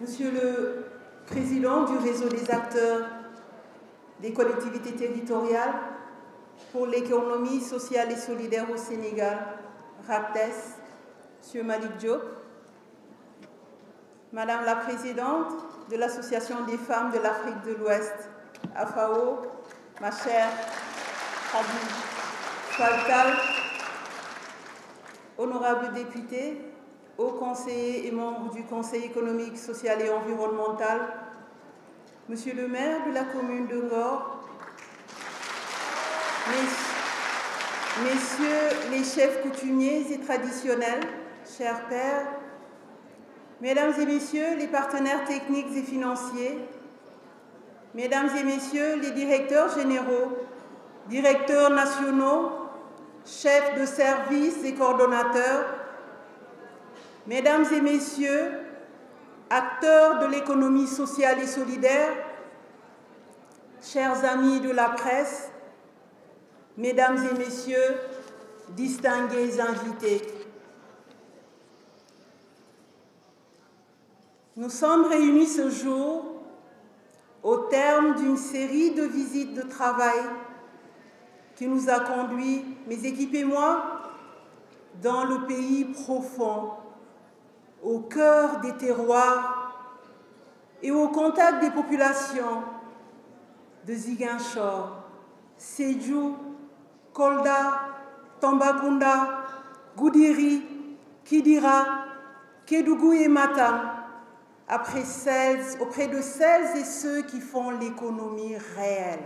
Monsieur le Président du réseau des acteurs des collectivités territoriales pour l'économie sociale et solidaire au Sénégal, RAPTES, Madame la Présidente de l'Association des femmes de l'Afrique de l'Ouest, AFAO, ma chère Khadija Faltal, honorables députés, hauts conseillers et membres du Conseil économique, social et environnemental, Monsieur le maire de la commune de Ngor, Messieurs les chefs coutumiers et traditionnels, chers pères, Mesdames et Messieurs les partenaires techniques et financiers, Mesdames et Messieurs les directeurs généraux, directeurs nationaux, chefs de service et coordonnateurs, mesdames et messieurs, acteurs de l'économie sociale et solidaire, chers amis de la presse, mesdames et messieurs, distingués invités. Nous sommes réunis ce jour au terme d'une série de visites de travail qui nous a conduits, mes équipes et moi, dans le pays profond, au cœur des terroirs et au contact des populations de Ziguinchor, Sejou, Kolda, Tambacounda, Goudiri, Kidira, Kédougou et auprès de celles et ceux qui font l'économie réelle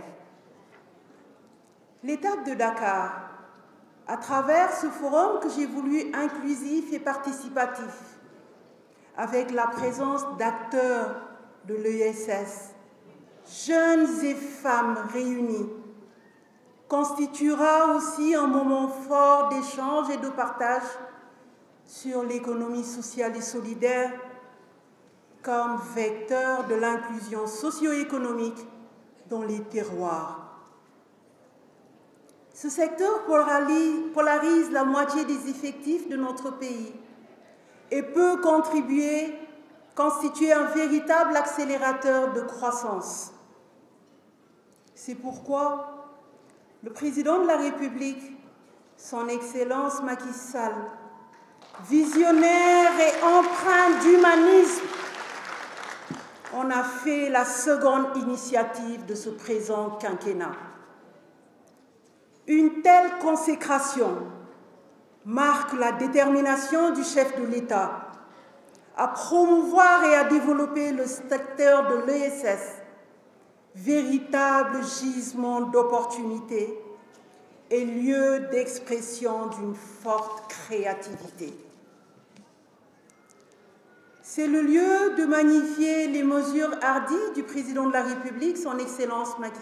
L'étape de Dakar, à travers ce forum que j'ai voulu inclusif et participatif, avec la présence d'acteurs de l'ESS, jeunes et femmes réunis, constituera aussi un moment fort d'échange et de partage sur l'économie sociale et solidaire comme vecteur de l'inclusion socio-économique dans les terroirs. Ce secteur polarise la moitié des effectifs de notre pays et peut contribuer, constituer un véritable accélérateur de croissance. C'est pourquoi le président de la République, son Excellence Macky visionnaire et empreint d'humanisme, on a fait la seconde initiative de ce présent quinquennat. Une telle consécration marque la détermination du chef de l'État à promouvoir et à développer le secteur de l'ESS, véritable gisement d'opportunités et lieu d'expression d'une forte créativité. C'est le lieu de magnifier les mesures hardies du président de la République, son Excellence Macky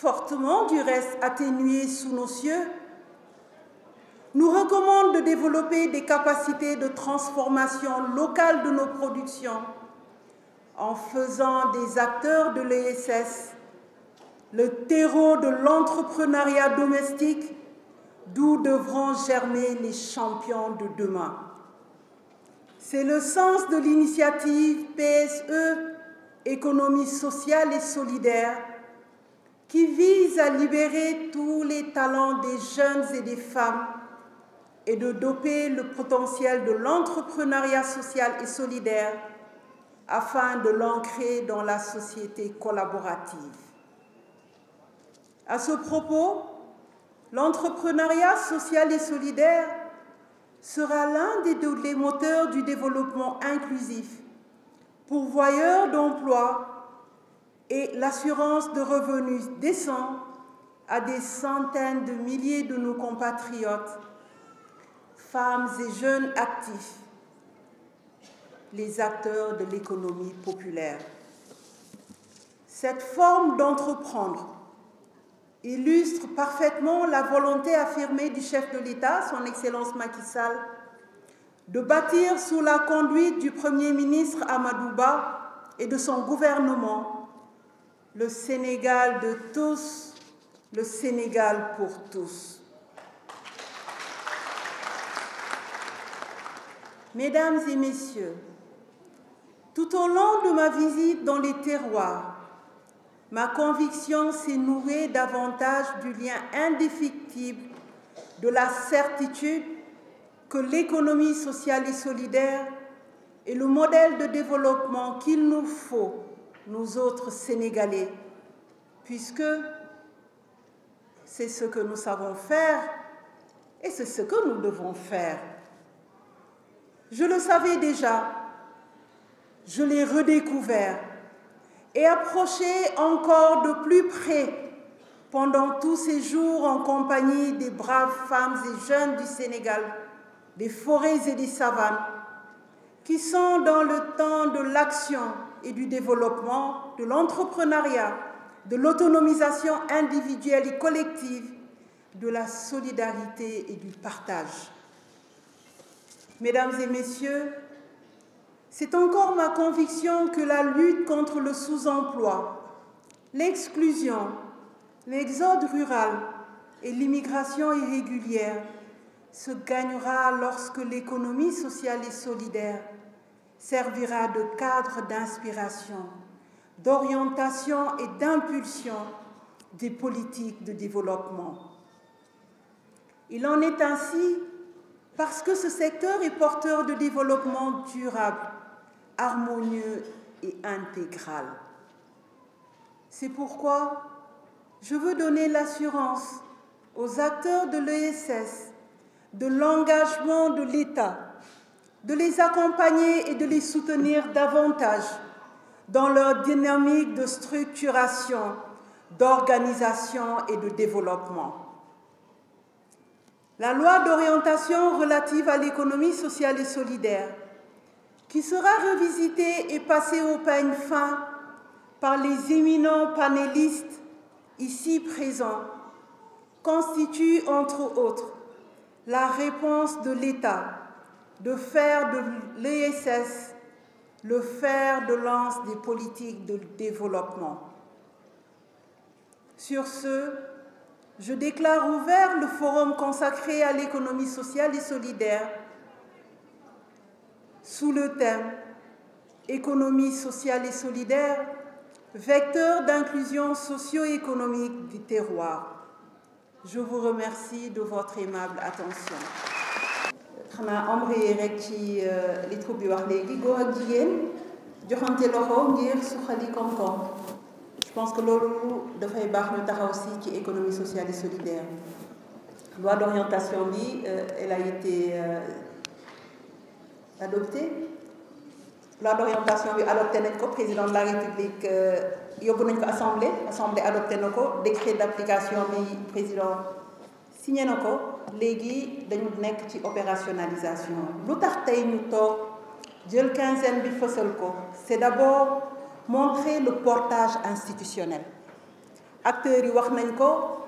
fortement du reste atténuée sous nos cieux, nous recommande de développer des capacités de transformation locale de nos productions en faisant des acteurs de l'ESS le terreau de l'entrepreneuriat domestique d'où devront germer les champions de demain. C'est le sens de l'initiative PSE, économie sociale et solidaire, qui vise à libérer tous les talents des jeunes et des femmes et de doper le potentiel de l'entrepreneuriat social et solidaire afin de l'ancrer dans la société collaborative. À ce propos, l'entrepreneuriat social et solidaire sera l'un des, moteurs du développement inclusif, pourvoyeur d'emplois et l'assurance de revenus décents à des centaines de milliers de nos compatriotes, femmes et jeunes actifs, les acteurs de l'économie populaire. Cette forme d'entreprendre illustre parfaitement la volonté affirmée du chef de l'État, son Excellence Macky de bâtir sous la conduite du Premier ministre Amadouba et de son gouvernement le Sénégal de tous, le Sénégal pour tous. Mesdames et messieurs, tout au long de ma visite dans les terroirs, ma conviction s'est nourrie davantage du lien indéfectible, de la certitude que l'économie sociale et solidaire est le modèle de développement qu'il nous faut nous autres Sénégalais, puisque c'est ce que nous savons faire et c'est ce que nous devons faire. Je le savais déjà, je l'ai redécouvert et approché encore de plus près pendant tous ces jours en compagnie des braves femmes et jeunes du Sénégal, des forêts et des savanes, qui sont dans le temps de l'action et du développement, de l'entrepreneuriat, de l'autonomisation individuelle et collective, de la solidarité et du partage. Mesdames et messieurs, c'est encore ma conviction que la lutte contre le sous-emploi, l'exclusion, l'exode rural et l'immigration irrégulière se gagnera lorsque l'économie sociale et solidaire servira de cadre d'inspiration, d'orientation et d'impulsion des politiques de développement. Il en est ainsi parce que ce secteur est porteur de développement durable, harmonieux et intégral. C'est pourquoi je veux donner l'assurance aux acteurs de l'ESS de l'engagement de l'État de les accompagner et de les soutenir davantage dans leur dynamique de structuration, d'organisation et de développement. La loi d'orientation relative à l'économie sociale et solidaire, qui sera revisitée et passée au peigne fin par les éminents panélistes ici présents, constitue entre autres la réponse de l'État de faire de l'ESS le fer de lance des politiques de développement. Sur ce, je déclare ouvert le forum consacré à l'économie sociale et solidaire sous le thème Économie sociale et solidaire, vecteur d'inclusion socio-économique du terroir. Je vous remercie de votre aimable attention. xanaa embrayer rek ci euh, li troupe bi wax léegi góor ak jigéen joxante loxo ngir suqali koom-koom je pense que loolu dafay baax ñu taxaw si ci économie sociale et solidaire loi d'orientation bi euh, elle a été euh, adoptée loi d'orientation bi adopté nañ ko président de la république yóbbu nañ ko assemblée assemblée adopté na ko décret d'application bi président signé na ko léegi dañu nekk ci opérationnalisation lu tax tey ñu toog jël quinzaine bi fësal ko c'est d'abord montrer le portage institutionnel acteurs yi wax nañ ko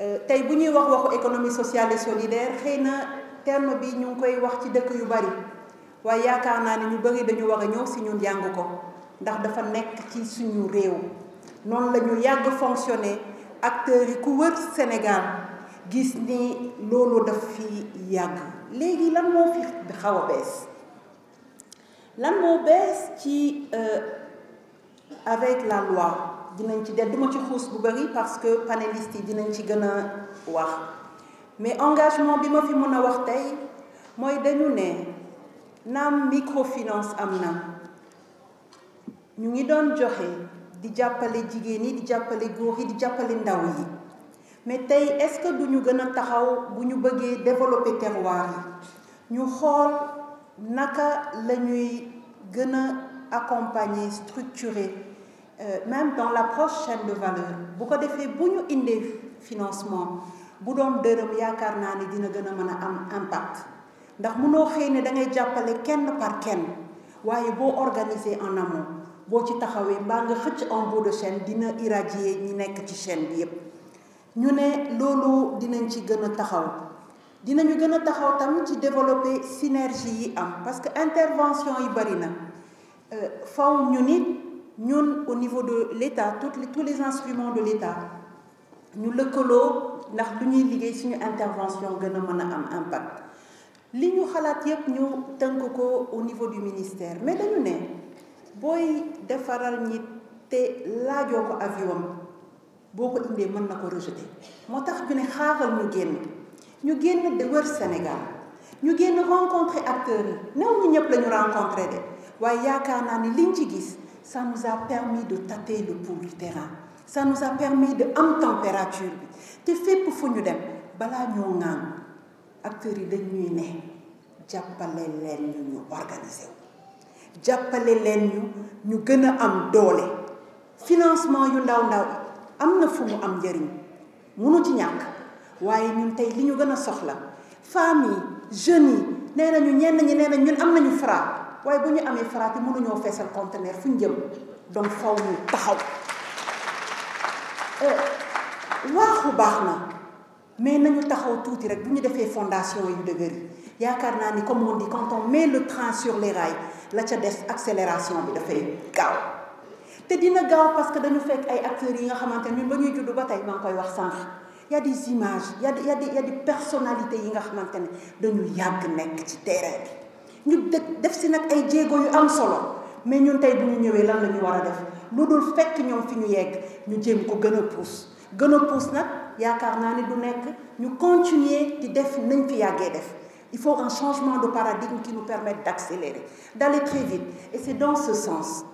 euh, tey bu ñuy wax waxu économie sociale et solidaire xëy na terme bi ñu ngi koy wax ci dëkk yu bari waaye yaakaar naa ne ñu bari dañu war a ñëw si ñun yàng ko ndax dafa nekk ci suñu réew noonu la ñu yàgg fonctionner acteurs yi ku wër Sénégal gis ni loolu daf fi yàgg léegi lan moo fi xaw a bees lan moo bees ci euh, avec la loi dinañ ci del duma ci xuus bu bari parce que panélistes yi dinañ ci gën a wax mais engagement bi ma fi mën a wax tey mooy dañu ne naam microfinance am na ñu ngi doon joxe di jàppale jigéen yi di jàppale góor yi di jàppale ndaw yi mais tey est-ce que du ñu gën a taxaw bu ñu bëggee développer terroir yi ñu xool naka la ñuy gën a accompagner structurer euh, même dans l'approche chaîne de valeur bu ko defee bu ñu indee financement bu doon dërëm yaakaar naa ni dina gën a mën a am impact ndax mënoo xëy ne da jàppale kenn par kenn waaye boo organiser en amont boo ci taxawee mbaa nga xëcc en bout de chaîne dina irradier ñi nekk ci chaîne bi yépp ñu ne loolu dinañ ci gën a taxaw dinañu gën a taxaw tam ci développer synergie yi am parce que intervention yi bari na euh, faw ñu nit ñun au niveau de l'État toutes tous les instruments de l'État ñu lëkkaloo ndax lu ñuy liggéey suñu intervention gën a mën a am impact li ñu xalaat yépp ñu tënk ko au niveau du ministère mais dañu ne booy defaral ñi te laajoo ko avion boo ko indee mën na ko rejeter moo tax ñu ne xaaral ñu génn ñu génn de wër Sénégal ñu génn rencontrer acteur yi néew ñu ñëpp la ñu de waaye yaakaar naa ni li liñ ci gis sa nous a permis de tâter le pouls du terrain ça nous a permis de am température bi te fépp fu ñu dem balaa ñoo ŋaan acteurs yi dañ ñuy ne jàppale leen ñu ñu organiser jàppale leen ñu ñu gën a am doole financement yu ndaw ndaw am na fu mu am njëriñ munu ci ñàkk waaye ñun tey li ñu gën a soxla femmes yi jeunes yi nee nañu ñenn ñi nee nañ ñun am nañu Fra waaye bu ñu amee Fra te mënuñoo feesal conteneur fu ñu jëm donc fow ñu taxaw eh, waaxu baax na mais nañu taxaw tuuti rek bu ñu defee fondation yu dëgër yi yaakaar naa ni comme on dit quand on le train sur les la ca des accélération bi dafay gaaw te dina gaaw parce que dañu fekk ay acteurs yi nga xamante ni ñun ba ñuy judd ba tey maa ngi koy wax sànq y a des images y a des y yi nga xamante ne dañu yàgg nekk ci terrain bi ñu def si nag ay jéego yu am solo mais ñun tey bu ñu ñëwee lan la ñu war a def lu dul fekk ñoom fi ñu yegg ñu jéem ko gën a pousse gën a pousse nag yaakaar naa ne du nekk ñu continuer di def nañ fi yàggee def il faut un changement de paradigme qui nous permette d'accélérer d'aller très vite et c'est dans ce sens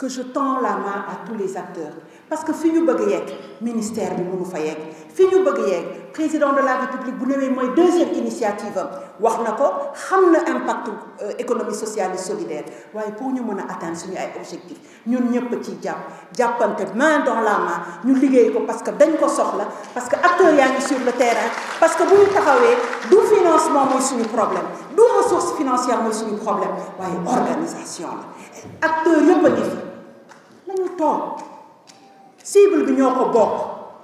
que je tends la main à tous les acteurs parce que fi ñu bëgg yegg ministère bi mënu fa yegg fi ñu bëgg yegg président de la république bu newee mooy deuxième initiative am wax na ko xam na impact euh, économie sociale et solidaire waaye pour ñu mën a atteindre suñu ay objectifs ñun ñëpp ci jàpp jàppante main dans la main ñu liggéey ko parce que dañ ko soxla parce que acteurs yaa ngi sur le terrain parce que bu ñu taxawee du financement mooy suñu problème du ressource toog cible bi ñoo ko bokk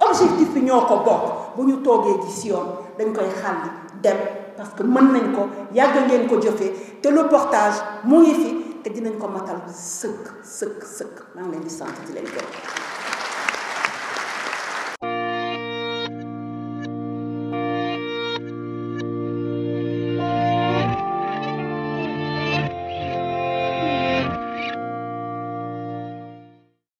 objectif bi ñoo ko bokk bu ñu toogee ci Sion dañ koy xàlli dem parce que mën nañ ko yàgg ngeen ko jëfee te le portage mu ngi fi te dinañ ko matal sëkk sëkk sëkk nan ngi leen di sant di leen gërëm